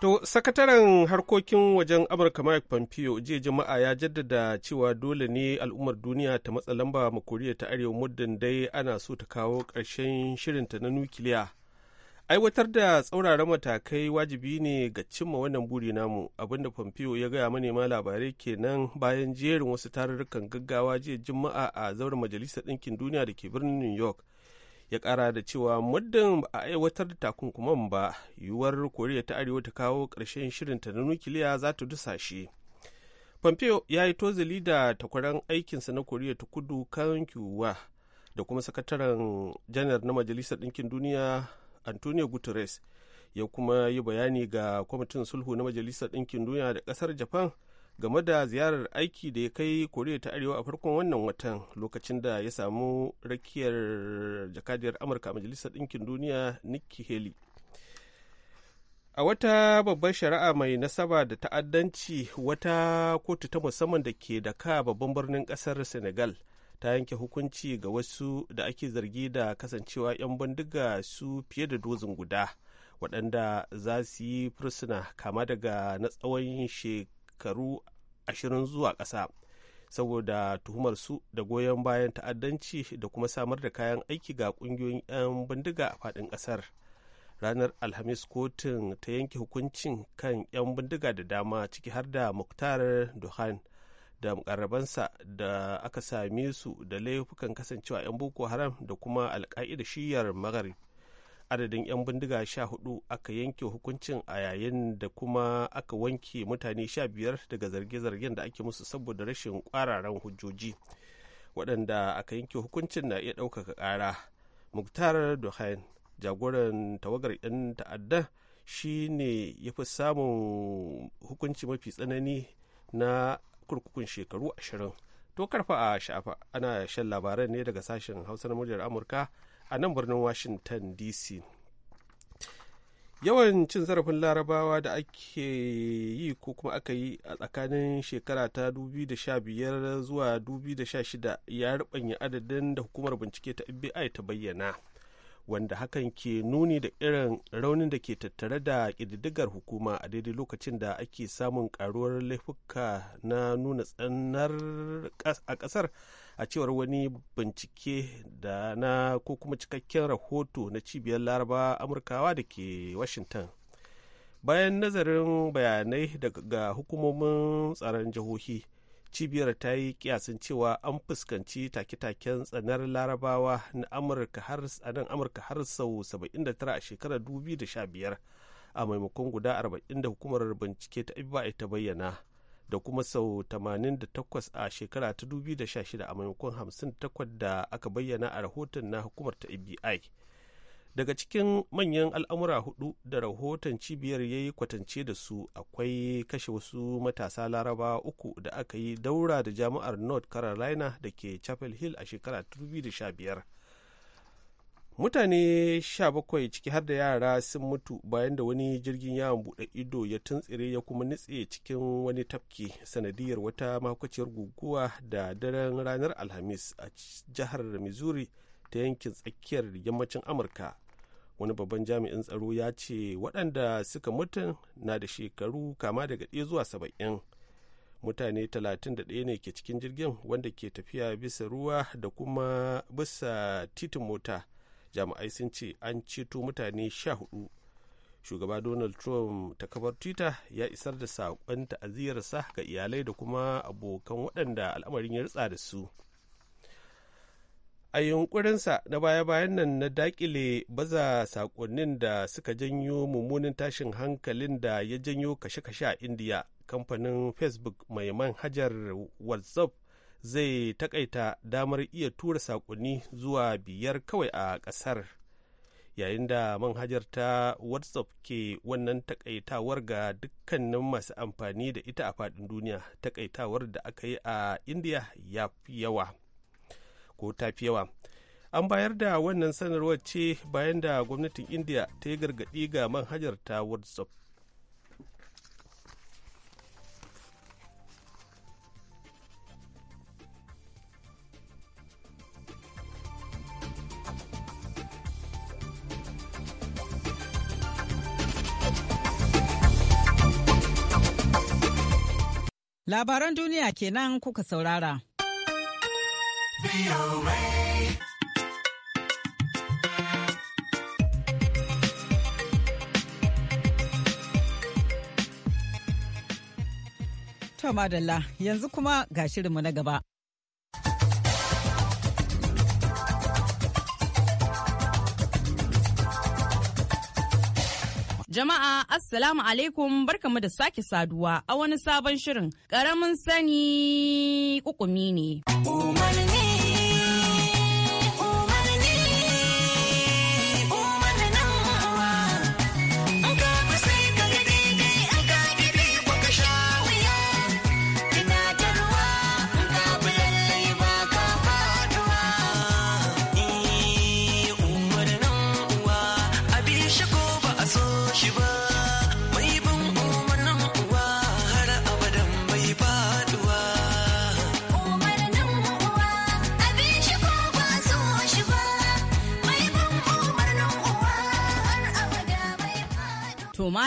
To, sakataren harkokin wajen Amurka Mike Pompeo jiya jama'a ya jaddada cewa dole ne al'ummar duniya ta matsa lamba ma Koriya ta Arewa muddin dai ana so ta kawo ƙarshen shirinta na nukiliya. Aiwatar da tsauraran matakai wajibi ne ga cimma wannan buri namu, abinda Pompeo ya gaya manema labarai kenan bayan jerin wasu tarurrukan gaggawa jiya juma'a a zauren Majalisar Ɗinkin Duniya da ke birnin New York. ya kara da cewa muddin ba a aiwatar da takunkuman ba yiwuwar koriya ta arewa ta kawo ƙarshen shirinta na nukiliya za ta dusashe pompeo ya yi tozali da takwaran aikinsa na koriya ta kudu kan kyuwa da kuma sakataren janar na majalisar ɗinkin duniya antonio guterres ya kuma yi bayani ga kwamitin sulhu na majalisar ɗinkin duniya da ƙasar japan game da ziyarar aiki da ya kai koriya ta arewa a farkon wannan watan lokacin da ya samu rakiyar jakadiyar amurka a majalisar ɗinkin duniya nikki haley a wata babbar shari'a mai nasaba da ta'addanci wata kotu ta musamman da ke da ka babban birnin ƙasar senegal ta yanke hukunci ga wasu da ake zargi da kasancewa 'yan bindiga su fiye da dozin guda waɗanda za su yi fursuna kama daga na tsawon shekaru ashirin zuwa ƙasa saboda tuhumar su da goyon bayan ta'addanci da kuma samar da kayan aiki ga ƙungiyoyin 'yan bindiga a faɗin ƙasar ranar alhamis kotun ta yanke hukuncin kan 'yan bindiga da dama ciki har da muktar duhan da mukarrabansa da aka same su da laifukan kasancewa 'yan boko haram da kuma alka'ida shiyar magharib adadin 'yan bindiga sha hudu aka yanke hukuncin a yayin da kuma aka wanke mutane 15 daga zarge-zargen da ake musu saboda rashin kwararan hujjoji waɗanda aka yanke hukuncin na iya ɗaukaka ƙara muktar duhain jagoran tawagar 'yan ta'adda shi ne ya fi samun hukunci mafi tsanani na kurkukun shekaru ashirin to karfa a sha'afa ana shan labaran ne daga sashen hausa na muryar amurka a nan birnin washington dc yawan cin zarafin larabawa da ake yi ko kuma aka yi a tsakanin shekara ta 2015 zuwa 2016 ya rubanya adadin da hukumar bincike ta fbi ta bayyana wanda hakan ke nuni da irin raunin da ke tattare da ƙididdigar hukuma a daidai lokacin da ake samun karuwar laifuka na nuna tsanar a ƙasar a cewar wani bincike da na ko kuma cikakken rahoto na cibiyar laraba amurkawa da ke washington bayan nazarin bayanai daga hukumomin tsaron jihohi cibiyar ta yi kiyasin cewa an fuskanci take-taken tsanar larabawa na amurka har a nan amurka har sau 79 a shekarar 2015 a maimakon guda 40 da hukumar bincike ta ibba ta bayyana da kuma sau 88 a shekara ta 2016 a maimakon 58 da aka bayyana a rahoton na hukumar ta FBI. Daga cikin manyan al'amura hudu da rahoton cibiyar ya yi kwatance da su akwai kashe wasu matasa laraba uku da aka yi daura da jami'ar North Carolina da ke Chapel Hill a shekara 2015. mutane 17 ciki har da yara sun mutu bayan da wani jirgin yawon buɗe ido ya tuntsire ya kuma nutse cikin wani tafki sanadiyar wata makwaciyar guguwa da daren ranar alhamis a jihar missouri ta yankin tsakiyar yammacin amurka wani babban jami'in tsaro ya ce waɗanda suka mutu na da shekaru kama daga ɗaya zuwa saba'in mutane 31 ne ke cikin jirgin wanda ke tafiya bisa ruwa da kuma bisa titin mota jami'ai sun ce an ceto mutane sha hudu shugaba donald trump ta kafar twitter ya isar da saƙon ta'aziyarsa ga iyalai da kuma abokan waɗanda al'amarin ya ritsa da su a yunkurinsa na baya-bayan nan na dakile baza saƙonnin da suka janyo mummunin tashin hankalin da ya janyo kashe-kashe a indiya kamfanin facebook mai manhajar whatsapp zai takaita damar iya tura saƙonni zuwa biyar kawai a ƙasar yayin da manhajar ta whatsapp ke wannan takaitawar ga dukkanin masu amfani da ita a faɗin duniya takaitawar da aka yi a india ya fi yawa ko ta fi yawa an bayar da wannan sanarwar ce bayan da gwamnatin india ta yi gargaɗi ga manhajar ta whatsapp Labaran duniya kenan kuka saurara. To madalla yanzu kuma ga shirinmu na gaba. Jama'a Assalamu alaikum barkamu da sake saduwa a wani sabon shirin ƙaramin sani kukumi ne. Umarni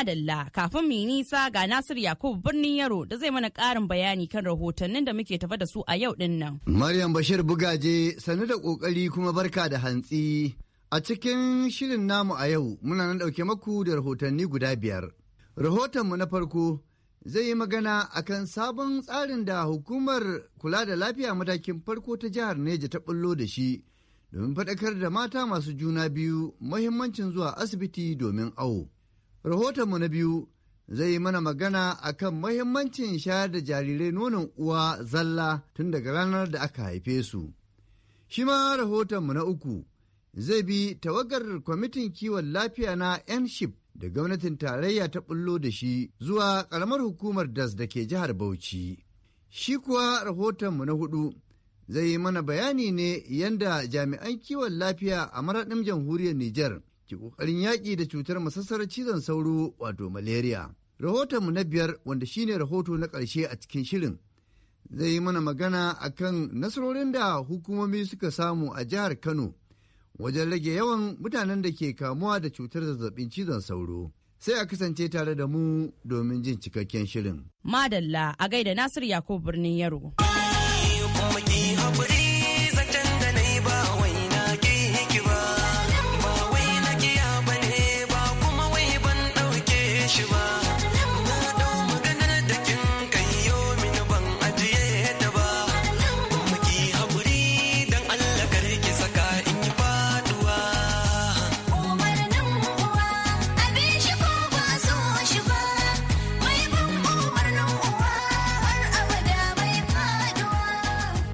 madalla kafin mu nisa ga Nasir Yakubu birnin Yaro da zai mana karin bayani kan rahotannin da muke tafa da su a yau din nan. Maryam Bashir Bugaje sanu da ƙoƙari kuma barka da hantsi. A cikin shirin namu a yau muna nan ɗauke maku da rahotanni guda biyar. Rahotonmu na farko zai yi magana akan sabon tsarin da hukumar kula da lafiya matakin farko ta jihar Neja ta bullo da shi domin faɗakar da mata masu juna biyu mahimmancin zuwa asibiti domin awo. Rahotonmu na biyu zai yi mana magana a kan mahimmancin shayar da jarirai nonon uwa zalla tun daga ranar da aka haife su. Shi ma rahotonmu na uku zai bi tawagar kwamitin kiwon lafiya na NSHIP da gwamnatin tarayya ta bullo da shi zuwa karamar hukumar DAS da ke jihar Bauchi. Shi kuwa rahotonmu na hudu zai yi mana bayani ne yadda jami'an kiwon lafiya a maraɗin jamhuriyar Nijar ke ƙoƙarin yaƙi da cutar masassarar cizon sauro wato malaria. Rahotonmu na biyar wanda shine rahoto na ƙarshe a cikin shirin zai yi mana magana akan nasarorin da hukumomi suka samu a jihar Kano wajen rage yawan mutanen da ke kamuwa da cutar zazzabin cizon sauro. Sai a kasance tare da mu domin jin cikakken shirin. Madalla a gaida Nasir Yakubu birnin Yaro.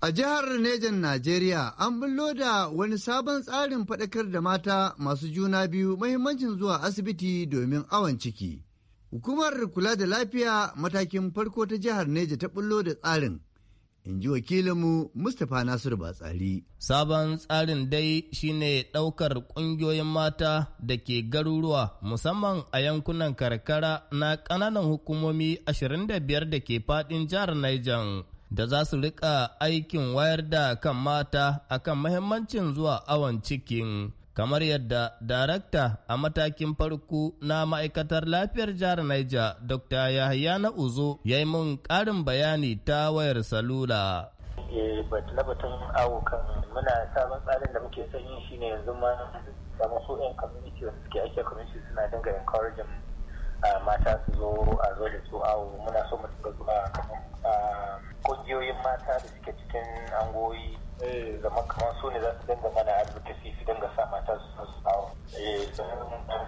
A jihar Nejan Najeriya an bullo da wani sabon tsarin faɗakar da mata masu juna biyu mahimmancin zuwa asibiti domin awon ciki. Hukumar kula da lafiya matakin farko ta jihar Neja ta bullo da tsarin. In ji wakilinmu Mustapha Nasiru Batsari. Sabon tsarin dai shine ɗaukar ƙungiyoyin mata da ke garuruwa musamman a yankunan karkara na ƙananan hukumomi 25 da ke faɗin jihar Niger. da za su rika aikin wayar da kan mata akan mahimmancin zuwa awon cikin kamar yadda darakta a matakin farko na ma'aikatar lafiyar jihar Niger Dr. Yahya na Uzo ya yi mun ƙarin bayani ta wayar salula. Eh, na batun awo kan muna sabon tsarin da muke son yin shine yanzu ma da masu 'yan community wanda suke ake community suna dinga encouraging mata su zo a zo da su awo muna so mu dinga zuwa kungiyoyin mata da suke cikin angoyi eh. zama kamar su ne za su dinga mana advocacy su dinga sa mata su zo su awo eh.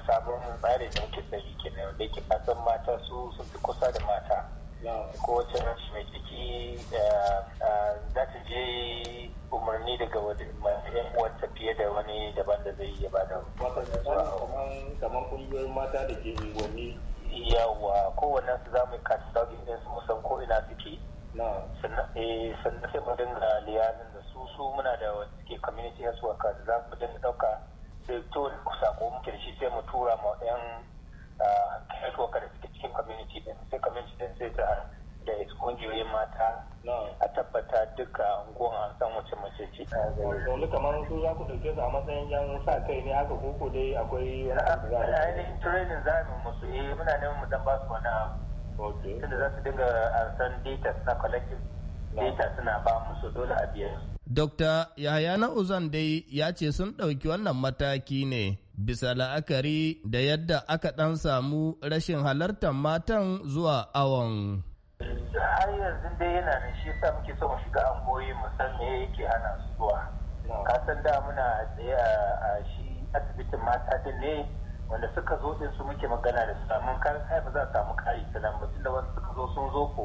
sabon tsari da muke tsayi kenan da ke fatan mata su sun fi kusa da mata ko wacce mace mai ciki eh, eh, za ta je umarni daga yan wata fiye da wani daban da zai iya ba da kamar kungiyoyin mata da ke unguwanni yawa kowannen su za mu kaci dogin din su musan ko ina suke eh, sannan sai mu dinga liyanin da su su muna da wanda suke community health worker da za mu dinga ɗauka sai to sako muke da shi sai mu tura ma yan health worker da community din sai community din sai ta da kungiyoyin mata a tabbata duka unguwan an san wace mace ce. wani kamar su za ku dauke su a matsayin yan sa kai ne haka koko dai akwai wani abu za a Ainihin training za mu musu eh muna neman mu dan ba su wani abu. Tunda za su dinga an san data na collective data suna ba musu dole a biya Dr. na Uzan dai ya ce sun ɗauki wannan mataki ne bisa la'akari da yadda aka ɗan samu rashin halartar matan zuwa awon. Har yanzu dai yana da shi sa muke so shiga an goyi mu san me yake hana zuwa. Ka san da muna tsaye a shi asibitin mata din ne wanda suka zo din su muke magana da su amma kan ba za a samu kari sanan ba tunda wanda suka zo sun zo ko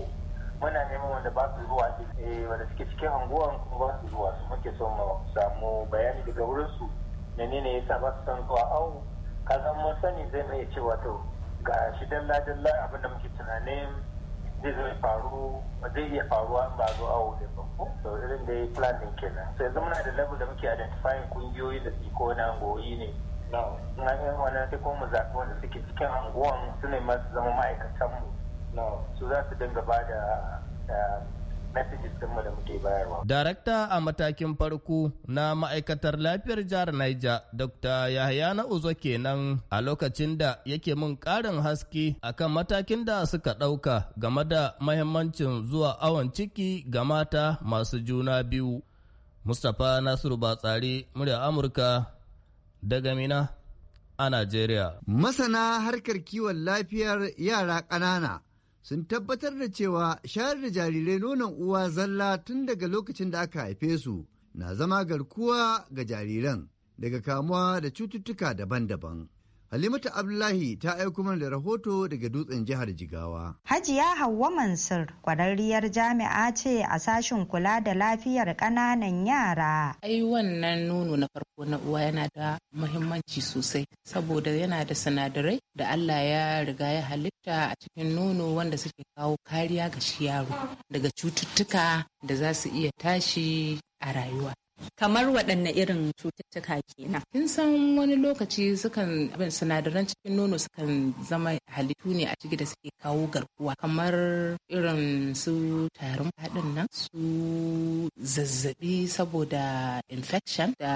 muna neman wanda ba su zuwa eh, wanda suke cikin hanguwan kuma ba su zuwa su muke son mu samu bayani daga wurin su ne yasa ba su san zuwa awo san mun sani zai mai cewa to ga shi dalla dalla abin da muke tunanin zai zai faru zai iya faruwa in ba zo awo da ba to irin da yi plan din kenan so zama na da level da muke identifying kungiyoyi da su ko na angoyi ne na yan wani sai kuma mu zaɓi wanda suke cikin anguwan su ne masu zama ma'aikatan mu su Darakta a matakin farko na ma'aikatar lafiyar jihar naija Dr. yahya na Uzo kenan a lokacin da yake mun ƙarin haske akan matakin da suka ɗauka game da mahimmancin zuwa awon ciki ga mata masu juna biyu. Mustapha Nasiru Batsari, murya Amurka, daga Mina a Najeriya. Masana harkar kiwon lafiyar yara ƙanana. sun tabbatar da cewa shayar da jarirai nonon uwa zalla tun daga lokacin da aka haife su na zama garkuwa ga jariran daga kamuwa da cututtuka daban-daban. Halimatu Abdullahi ta aiko mana da rahoto daga dutsen jihar Jigawa. Hajiya Hauwa Mansur kwararriyar jami'a ce a sashin kula da lafiyar ƙananan yara. Ai wannan nono na farko na uwa yana da muhimmanci sosai saboda yana da sinadarai da Allah ya riga ya halitta a cikin nono wanda suke kawo kariya ga shi yaro daga cututtuka da za su iya tashi a rayuwa. Kamar waɗanne irin cututtuka kenan. Kin san wani lokaci sukan abin sinadaran cikin nono sukan zama halittu ne a ciki da suke kawo garkuwa kamar irin su tarin faɗin nan su zazzabi saboda infection da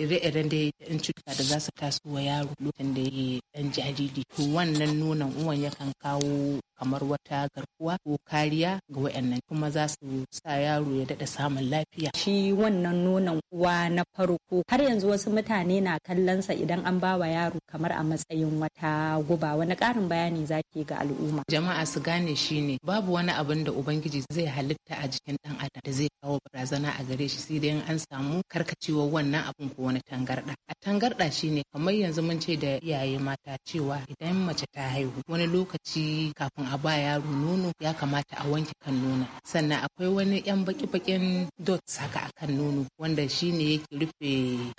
ire-iren da yan cutuka da za su taso wa yaro lokacin da ya ɗan jariri. wannan nonon uwan yakan kawo kamar wata garkuwa ko kariya ga wayannan kuma za su sa yaro ya daɗa samun lafiya. Shi wannan nonon uwa na farko har yanzu wasu mutane na kallonsa idan an ba wa yaro kamar a matsayin wata guba wani ƙarin bayani zaki ga al'umma. Jama'a su gane shi ne babu wani abin da Ubangiji zai halitta a jikin ɗan adam da zai kawo barazana a gare shi sai dai an samu karkacewar wannan abin ko wani tangarɗa. A tangarɗa shi ne kamar yanzu mun ce da iyaye mata cewa idan mace ta haihu wani lokaci kafin a ba yaro nono ya kamata a wanke kan nono sannan akwai wani yan baki-bakin dots haka a kan nono wanda shine yake rufe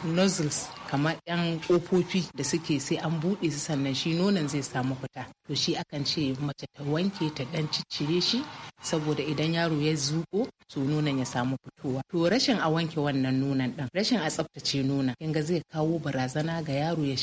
nozzles kamar yan kofofi da suke sai an buɗe su sannan shi nonon zai samu fita to shi akan ce mace ta wanke ta dan ciccire shi saboda idan yaro ya zuko to nonon ya samu fitowa to rashin a wanke wannan nonon din rashin a tsaftace nonon kinga zai kawo barazana ga yaro ya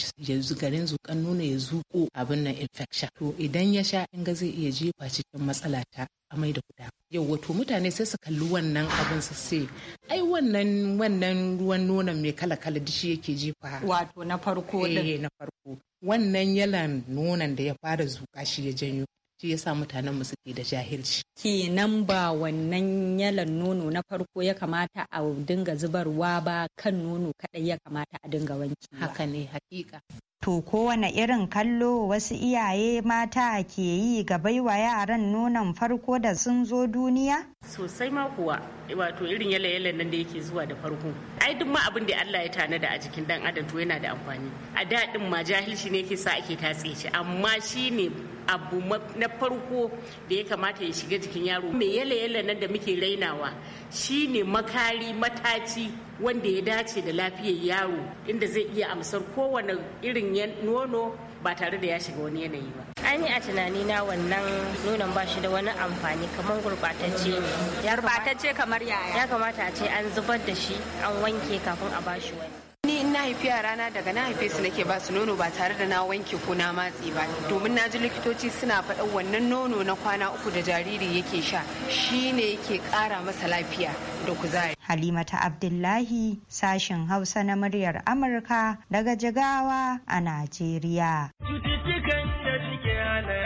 garin zukan nono ya zuko abin nan infection to idan ya sha kinga zai iya jefa cikin matsala ta amai da kuda yau wato mutane sai su kalli wannan abin su sai ai wannan wannan ruwan nonon mai kala kala dishi yake jefa wato na farko eh na farko wannan yalan nonon da ya fara zuka shi ya janyo shi ya sa mutanen mu suke da jahilci kenan ba wannan yalan nono na farko ya kamata a dinga zubarwa ba kan nono kadai ya kamata a dinga wanki haka ne hakika To kowane irin kallo wasu iyaye mata ke yi ga baiwa yaran nonon farko da sun zo duniya? Sosai ma kuwa wato irin yale-yalen nan da yake zuwa da farko. Ai duk ma abin da Allah ya tanada a jikin dan adam to yana da amfani. A daɗin ma jahilci ne ke sa ake tatse shi amma shi ne abu na farko da ya kamata ya shiga jikin yaro. Me yale-yalen nan da muke rainawa shi ne makari mataci wanda ya dace da lafiyar yaro inda zai iya amsar kowane irin nono ba tare da ya shiga wani yanayi ba. an yi a tunani na wannan nonon ba shi da wani amfani kamar gurbatacce. Gurbatacce kamar Ya kamata a ce an zubar da shi an wanke kafin a bashi wani. na haifi a rana daga na haife su nake ba su nono ba tare da na wanke ko na matsi ba domin na ji likitoci suna faɗa wannan nono na kwana uku da jariri yake sha shine yake ƙara masa lafiya da kuzari halimata abdullahi sashen hausa na muryar amurka daga jigawa a najeriya cututtukan da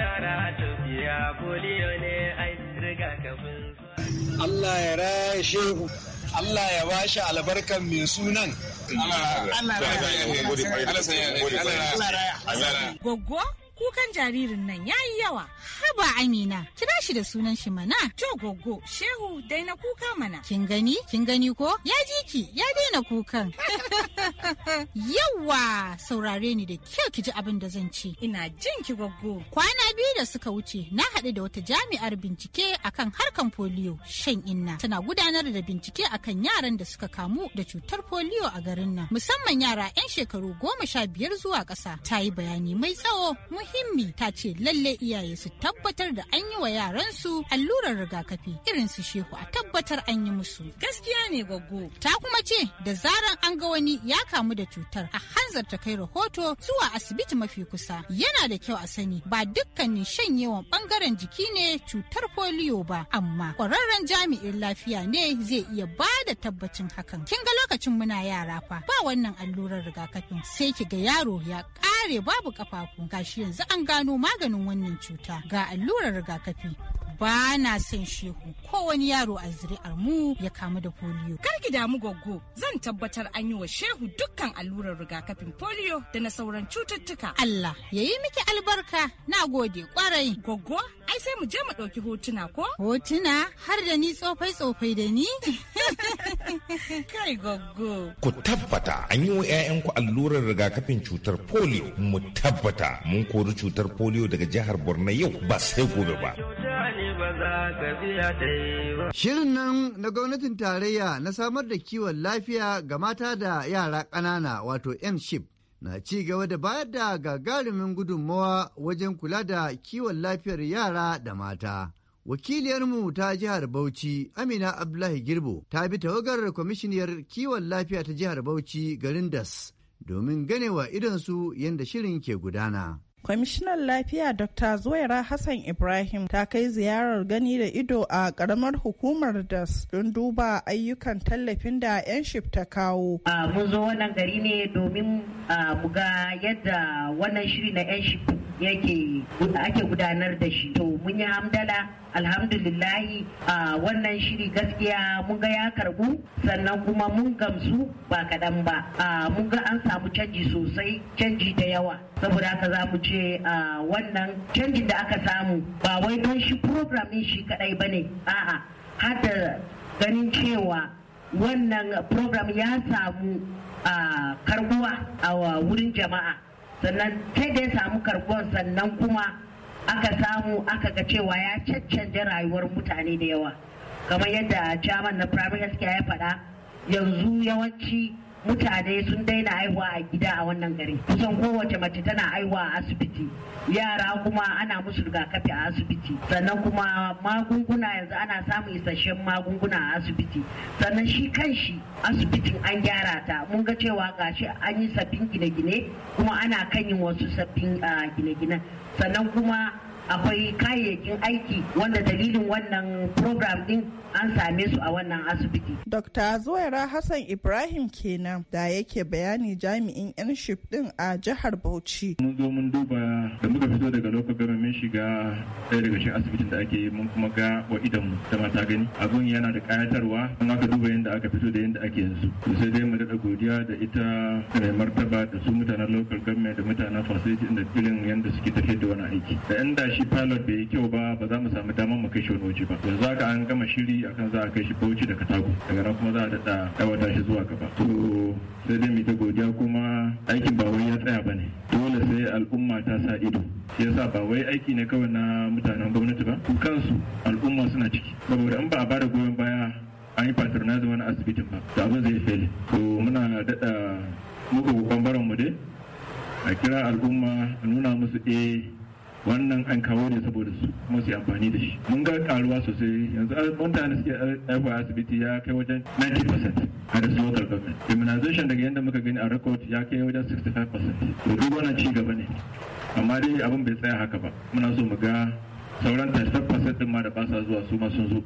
Allah ya raya shehu Allah ya ba shi albarkan mai sunan. Allah ya Goggo? kukan jaririn nan ya yi yawa. Haba Amina, kira shi da sunan shi mana. To gogo, shehu dai na kuka mana. Kin gani, kin gani ko? Ya ji ki, ya daina kukan. yawa, saurare ni da kyau ki ji abin da zan ce. Ina jin ki gogo. Kwana biyu da suka wuce, na haɗu da wata jami'ar bincike akan harkan foliyo shan inna. Tana gudanar da bincike akan yaran da suka kamu da cutar foliyo a garin nan. Musamman yara 'yan shekaru goma sha biyar zuwa ƙasa. Ta yi bayani mai tsawo, Muhimmi ta ce lalle iyaye su tabbatar da an yi wa yaransu allurar rigakafi irin su shehu a tabbatar an yi musu. Gaskiya ne goggo Ta kuma ce da zaran an ga wani ya kamu da cutar a hanzarta kai rahoto zuwa asibiti mafi kusa. Yana da kyau a sani ba dukkanin shanyewan bangaren jiki ne cutar foliyo ba amma kwararren jami'in lafiya ne zai iya ba da tabbacin hakan. Kin ga lokacin muna yara fa ba wannan allurar rigakafin sai ki ga yaro ya kare babu kafafu gashi yanzu an gano maganin wannan cuta ga allurar rigakafi ba na son shehu ko wani yaro a zuri'ar mu ya kamu da polio. Kar ki damu goggo zan tabbatar an yi wa shehu dukkan allurar rigakafin polio da na sauran cututtuka. Allah ya yi miki albarka na gode kwarai. Goggo ai sai mu je mu ɗauki hotuna ko? Hotuna har da ni tsofai tsofai da ni? Kai goggo. Ku tabbata an yi wa 'ya'yanku allurar rigakafin cutar polio mu tabbata mun ko kori cutar polio daga jihar borno yau ba sai gobe ba Shirin nan na gwamnatin tarayya na samar da kiwon lafiya ga mata da yara ƙanana wato M-SHIP na ci gaba da bayar da gagarumin gudunmawa wajen kula da kiwon lafiyar yara da mata. Wakiliyarmu ta jihar Bauchi Amina Abdullahi Girbo ta bi tawagar kwamishiniyar kiwon lafiya ta jihar Bauchi garin Das domin ganewa idonsu yadda shirin ke gudana. Kwamishinan Lafiya Dr. Zuwaira Hassan Ibrahim ta kai ziyarar gani da ido a karamar hukumar DAS don duba ayyukan tallafin da 'yan shif ta kawo. Mun zo wannan gari ne domin mu ga yadda wannan shiri na 'yan shif yake ake gudanar da shi. To mun yi hamdala alhamdulillahi a wannan shiri gaskiya mun ga ya karbu sannan kuma mun gamsu ba kaɗan ba mun ga an samu canji sosai canji da yawa saboda haka za mu ce wannan canjin da aka samu ba wai don shi program shi kaɗai ba ne a'a har da ganin cewa wannan program ya samu karbuwa a wurin jama'a sannan sai da ya samu karbuwan sannan kuma aka samu aka ga cewa ya cancanci rayuwar mutane da yawa kamar yadda chairman na prime minister ya faɗa yanzu yawanci mutane sun daina haihuwa a gida a wannan gari kusan kowace mace tana haihuwa a asibiti yara kuma ana musu rigakafi a asibiti sannan kuma magunguna yanzu ana samun isasshen magunguna a asibiti sannan shi kan shi asibitin an gyara ta mun ga cewa gashi an yi sabbin gine-gine kuma ana kan yin wasu sabbin gine ah, gine sannan kuma akwai kayayyakin aiki wanda dalilin wannan program din an same su a wannan asibiti. Dr. Zuwaira Hassan Ibrahim kenan da yake bayani jami'in yanship din a jihar Bauchi. Mun zo mun duba da muka fito daga lokacin garin mun shiga ɗaya daga cikin asibitin da ake mun kuma ga wa idan da mata gani. Abun yana da kayatarwa in aka duba yadda aka fito da yadda ake yanzu. Sai dai mu daɗa godiya da ita mai martaba da su mutanen local government da mutanen facility da filin yadda suke tafiyar da wani aiki. Da 'yan shi pilot bai yi kyau ba ba za mu samu damar mu kai shi wani waje ba yanzu haka an gama shiri akan za a kai shi bauchi da katako daga nan kuma za a dada ɗawata shi zuwa gaba to sai dai mu ta godiya kuma aikin ba wai ya tsaya ba ne dole sai al'umma ta sa ido shi yasa ba wai aiki ne kawai na mutanen gwamnati ba kansu al'umma suna ciki saboda in ba a bada goyon baya an yi patronizing wani asibitin ba to abin zai fele to muna daɗa muku bambaran mu dai a kira al'umma nuna musu eh wannan an kawo ne saboda su kuma su amfani da shi mun ga karuwa sosai yanzu mutane suke a asibiti ya kai wajen 90% a da local government immunization daga yadda muka gani a record ya kai wajen 65% to duk wannan ci gaba ne amma dai abin bai tsaya haka ba muna so mu ga sauran 35% din ma da ba sa zuwa su ma sun zo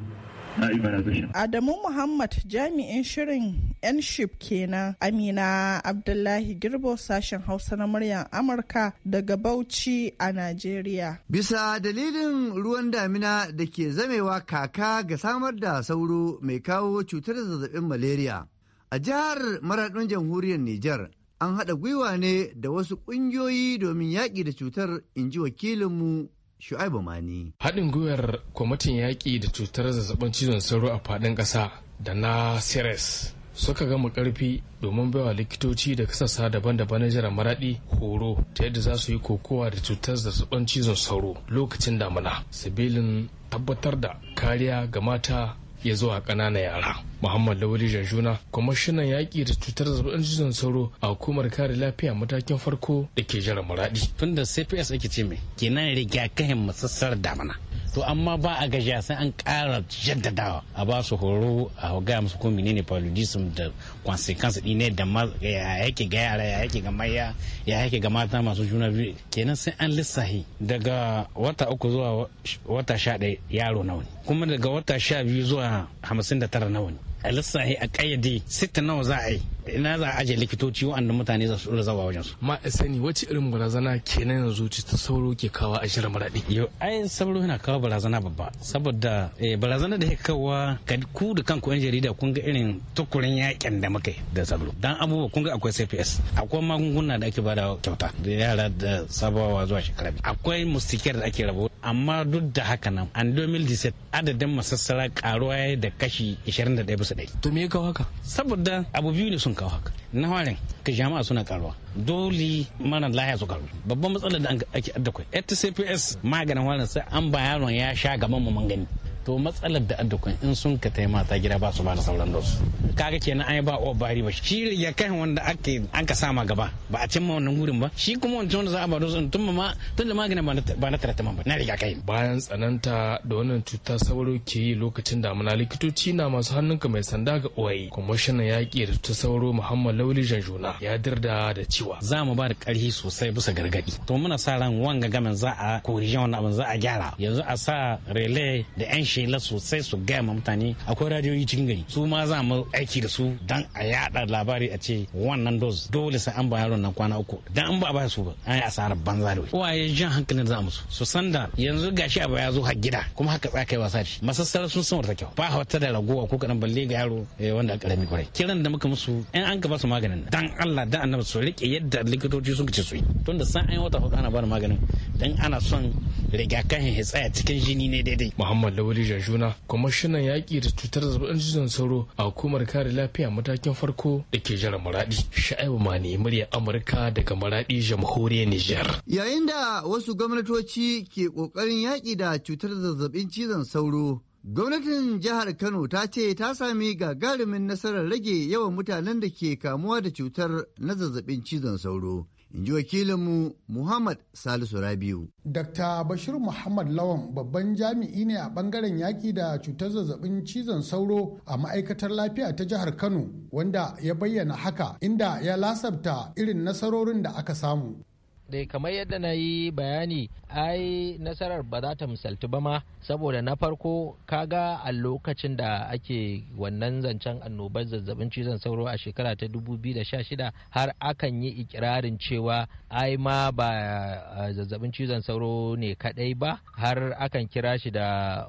Adamu Muhammad jami'in shirin 'yan ship kenan Amina Abdullahi Girbo sashen Hausa na muryar Amurka daga Bauchi a Najeriya. Bisa dalilin ruwan damina da ke zamewa kaka ga samar da sauro mai kawo cutar zazzabin malaria. A jihar Maraɗin jamhuriyar Nijar an haɗa gwiwa ne da wasu ƙungiyoyi domin yaƙi da cutar inji wakilinmu Shu'aibu Mani. Haɗin gwiwar kwamitin yaƙi da cutar zazzabin cizon sauro a faɗin ƙasa da na Ceres suka gama ƙarfi domin baiwa likitoci da kasassa daban-daban na jiran maraɗi horo ta yadda za su yi kokowa da cutar zazzabin cizon sauro lokacin damina. Sibilin tabbatar da kariya ga mata ya zuwa ƙananan yara. Muhammad Lawali Janjuna, kwamishinan yaƙi da cutar zazzabin cizon sauro a hukumar kare lafiya matakin farko da ke jihar Muradi. Tunda CPS ake ce mai kenan rigakafin masassar damana. to amma ba a gajiya sai an ƙara jaddadawa a ba su horo a gaya musu ko menene paludism da consequence ɗine da ya yake ga yara ya yake ga maya ya yake ga mata masu juna biyu kenan sai an lissahi daga wata uku zuwa wata sha ɗaya yaro nawa ne kuma daga wata sha biyu zuwa hamsin da tara nawa ne a lissahi a kayyade sita nawa za a yi ina za a ajiye likitoci wa'anda mutane za su zawa wajen su. ma sani wacce irin barazana kenan yanzu ta sauro ke kawo a shirin maraɗi. yau ai sauro yana kawo barazana babba saboda eh, barazana da ya kawo ka ku da kanku yan jarida kun ga irin tukurin yakin da muka da sauro dan abubuwa kun ga akwai cps akwai magunguna da ake bada kyauta da yara da sabawa zuwa shekara akwai mustikiyar da ake rabo amma duk da haka nan an 2017 adadin masassara karuwa da kashi 21 bisa kadai to me kawo haka saboda abu biyu ne sun kawo haka na harin ka jama'a suna karuwa dole mara lahiya su karu babban matsalar da ake adda kwai cps maganin harin sai an ba yaron ya sha gaban mu mangani to matsalar da addukun in sun ka tai mata gida ba su ba da sauran dosu kaga kenan ai ba o bari ba shi ya kai wanda ake an ka sama gaba ba a cimma wannan gurin ba shi kuma wancan wanda za a ba dosu tun ma tun da maganin ba na tara ba na riga kai bayan tsananta da wannan cuta sauro ke yi lokacin damuna likitoci na masu hannunka mai sanda ga uwaye kwamishinan yaƙi da cuta sauro muhammad lauli janjuna ya dirda da cewa za mu ba da ƙarfi sosai bisa gargaɗi to muna sa ran wanga gamin za a kori wannan abin za a gyara yanzu a sa rele da yan shela sosai su gaya ma mutane akwai radiyoyi cikin gari su ma za mu aiki da su dan a yada labari a ce wannan dose dole sai an ba yaron nan kwana uku dan an ba ba su ba an yi banza da waye jan hankalin za mu su san da yanzu gashi abu ya zo har gida kuma haka tsaka yi wasa shi masassar sun san wata kyau ba wata da ragowa ko kadan balle ga yaro eh, wanda a karami kwarai kiran da muka musu in an ka ba su maganin dan Allah da annabi su rike yadda likitoci suka ce su yi tunda san an yi wata hukana ba maganin dan ana son rigakafin ya tsaya cikin jini ne daidai Muhammad Lawali cizon juna kwamishinan yaƙi da cutar zazzabin cizon sauro a hukumar kare lafiya matakin farko da ke jihar maradi sha'ibu mani murya amurka daga maradi jamhuriyar nijar yayin da wasu gwamnatoci ke ƙoƙarin yaƙi da cutar zazzabin cizon sauro Gwamnatin jihar Kano ta ce ta sami gagarumin nasarar rage yawan mutanen da ke kamuwa da cutar na zazzabin cizon sauro. in ji wakilinmu Muhammad Salisu Rabiu. Dr. Bashir Muhammad Lawan babban jami'i ne a bangaren yaƙi da cutar zazzabin cizon sauro a ma'aikatar lafiya ta jihar Kano wanda ya bayyana haka inda ya lasabta irin nasarorin da aka samu. da kamar yadda na yi bayani ai nasarar ba za ta misaltu ba ma saboda na farko kaga a lokacin da ake wannan zancen annobar zazzabin cizon sauro a shekara ta 2016 har akan yi ikirarin cewa ai ma ba zazzabin cizon sauro ne kadai ba har akan kira shi da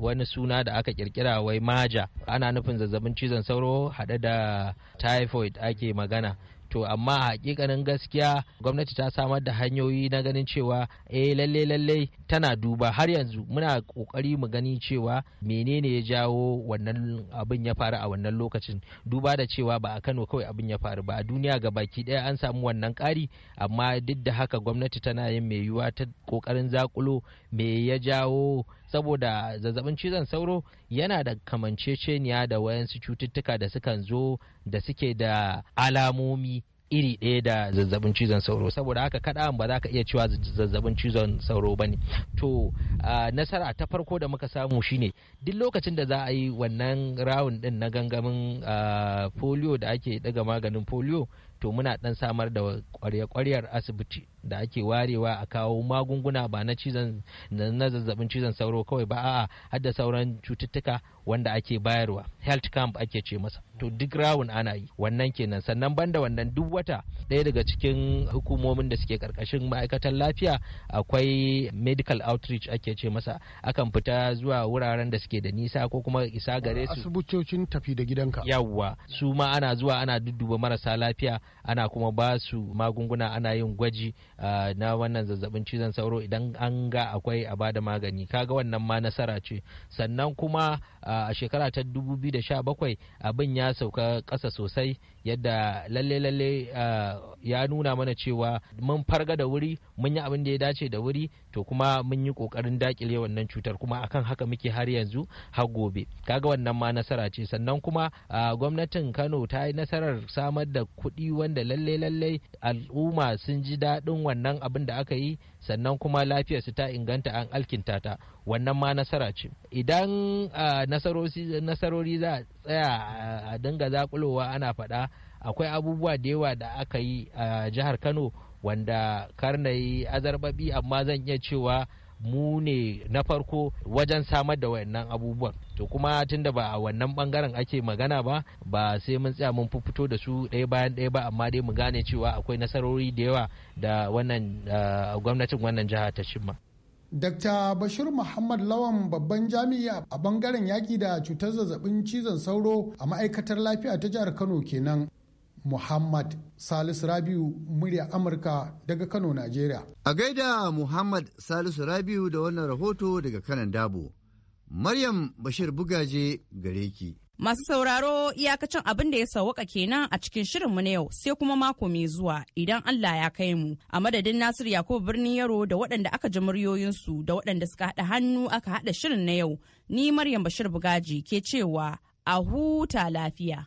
wani suna da aka kirkira wai maja ana nufin zazzabin cizon sauro haɗe da typhoid ake magana to amma a hakikanin gaskiya gwamnati ta samar da hanyoyi na ganin cewa eh lalle lalle tana duba har yanzu muna kokari mu gani cewa menene ya jawo wannan abin ya faru a wannan lokacin duba da cewa ba a Kano kawai abin ya faru ba a duniya ga baki daya an samu wannan kari amma duk da haka gwamnati tana yin mai yiwuwa ta kokarin zakulo me ya jawo saboda zazzabin cizon sauro yana da kamanceceniya da wayansu cututtuka da sukan zo da suke da alamomi iri ɗaya da zazzabin cizon sauro saboda haka kaɗa ba za ka iya cewa zazzabin cizon sauro ba ne to nasara ta farko da muka samu shine duk lokacin da za a yi wannan rawun ɗin na gangamin polio da ake ɗaga maganin polio to muna dan samar da kwarya-kwaryar asibiti da ake warewa a kawo magunguna ba na cizon zazzabin cizon sauro kawai ba a'a har sauran cututtuka wanda ake bayarwa health camp ake ce masa to duk rawun ana yi wannan kenan sannan banda wannan duk wata ɗaya daga cikin hukumomin da suke karkashin ma'aikatan lafiya akwai medical outreach ake ce masa akan fita zuwa wuraren da suke da nisa ko kuma isa gare su asibitocin tafi da gidanka yawwa su ma ana zuwa ana dudduba marasa lafiya ana kuma ba su magunguna ana yin gwaji na wannan zazzabin cizon sauro idan an ga akwai a bada magani kaga wannan ma nasara ce sannan kuma a shekara ta 2017 abin ya sauka ƙasa sosai yadda lalle-lalle ya nuna mana cewa mun farga da wuri mun yi abin da ya dace da wuri to kuma mun yi ƙoƙarin dakile wannan cutar kuma akan haka muke har yanzu har gobe kaga wannan ma nasara ce sannan kuma gwamnatin kano ta yi nasarar samar da kuɗi wanda lalle-lalle al'umma sun ji daɗin wannan abin da aka yi sannan kuma lafiyarsu ta inganta an alkinta ta wannan ma nasara ce idan nasarori za a tsaya a dinga zakulowa ana faɗa akwai abubuwa da yawa da aka yi a jihar kano wanda karnayi azarbabi amma zan iya cewa mu ne na farko wajen samar da wayannan abubuwan to kuma tunda ba a wannan bangaren ake magana ba ba sai mun tsaya mun fito da su ɗaya bayan ɗaya ba amma dai mu gane cewa akwai nasarori da yawa da wannan gwamnatin wannan jihar ta cimma Dr. Bashir Muhammad Lawan babban jami'i a bangaren yaƙi da cutar zazzabin cizon sauro a ma'aikatar lafiya ta jihar Kano kenan. Muhammad Salisu Rabiu murya Amurka daga Kano, Najeriya. A gaida Muhammad Salisu Rabiu da wannan rahoto daga kanan dabo. Maryam Bashir Bugaje gare ki. Masu sauraro iyakacin abin da ya sauwaka kenan a cikin shirinmu na yau sai kuma mako mai zuwa idan Allah ya kai mu. A madadin Nasiru Yakubu birnin Yaro da waɗanda aka ji muryoyinsu da waɗanda suka haɗa hannu aka haɗa shirin na yau. Ni Maryam Bashir Bugaji ke cewa a huta lafiya.